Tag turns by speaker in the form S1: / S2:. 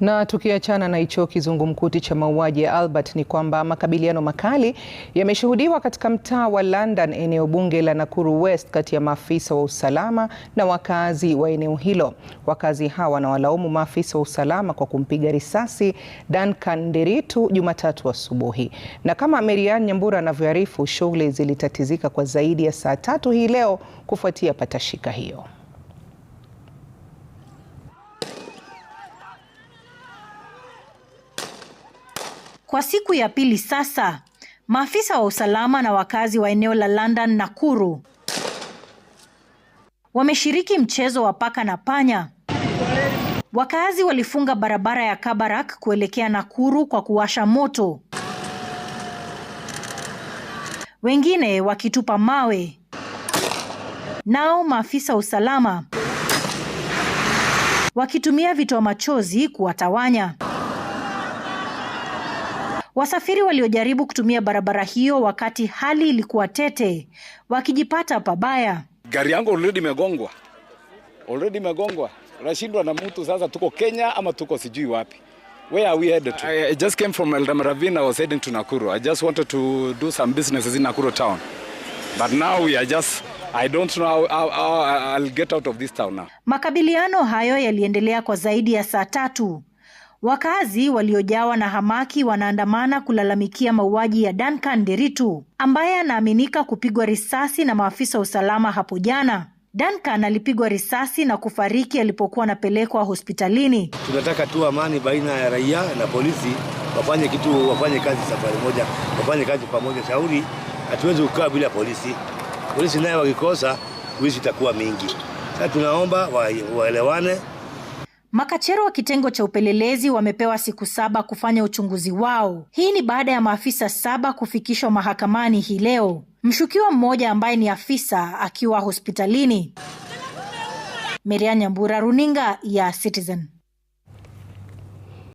S1: Na tukiachana na hicho kizungumkuti cha mauaji ya Albert ni kwamba makabiliano makali yameshuhudiwa katika mtaa wa London, eneo bunge la Nakuru West, kati ya maafisa wa usalama na wakazi wa eneo hilo. Wakazi hawa wanawalaumu maafisa wa usalama kwa kumpiga risasi Duncan nderitu Jumatatu asubuhi. Na kama Marian Nyambura anavyoarifu, shughuli zilitatizika kwa zaidi ya saa tatu hii leo kufuatia patashika hiyo. Kwa siku ya pili sasa, maafisa wa usalama na wakazi wa eneo la London Nakuru wameshiriki mchezo wa paka na panya. Wakazi walifunga barabara ya Kabarak kuelekea Nakuru kwa kuwasha moto, wengine wakitupa mawe. Nao maafisa wa usalama wakitumia vitoa machozi kuwatawanya. Wasafiri waliojaribu kutumia barabara hiyo wakati hali ilikuwa tete wakijipata pabaya.
S2: Gari yangu already imegongwa, already imegongwa, unashindwa na mtu sasa. Tuko Kenya ama tuko sijui wapi? Where are we headed to?
S3: I just came from Eldama Ravine. I was heading to Nakuru. I just wanted to do some businesses in Nakuru town. But now we are just I don't know how, how I'll get out of this town now.
S1: Makabiliano hayo yaliendelea kwa zaidi ya saa tatu Wakazi waliojawa na hamaki wanaandamana kulalamikia mauaji ya Duncan Nderitu ambaye anaaminika kupigwa risasi na maafisa wa usalama hapo jana. Duncan alipigwa risasi na kufariki alipokuwa anapelekwa hospitalini.
S4: Tunataka tu amani baina ya raia na polisi, wafanye kitu, wafanye kazi safari moja, wafanye kazi pamoja. Shauri hatuwezi kukaa bila polisi. Polisi naye wakikosa wizi itakuwa mingi. Sasa tunaomba waelewane wa
S1: Makachero wa kitengo cha upelelezi wamepewa siku saba kufanya uchunguzi wao. Hii ni baada ya maafisa saba kufikishwa mahakamani hii leo, mshukiwa mmoja ambaye ni afisa akiwa hospitalini. Meria Nyambura, runinga ya Citizen.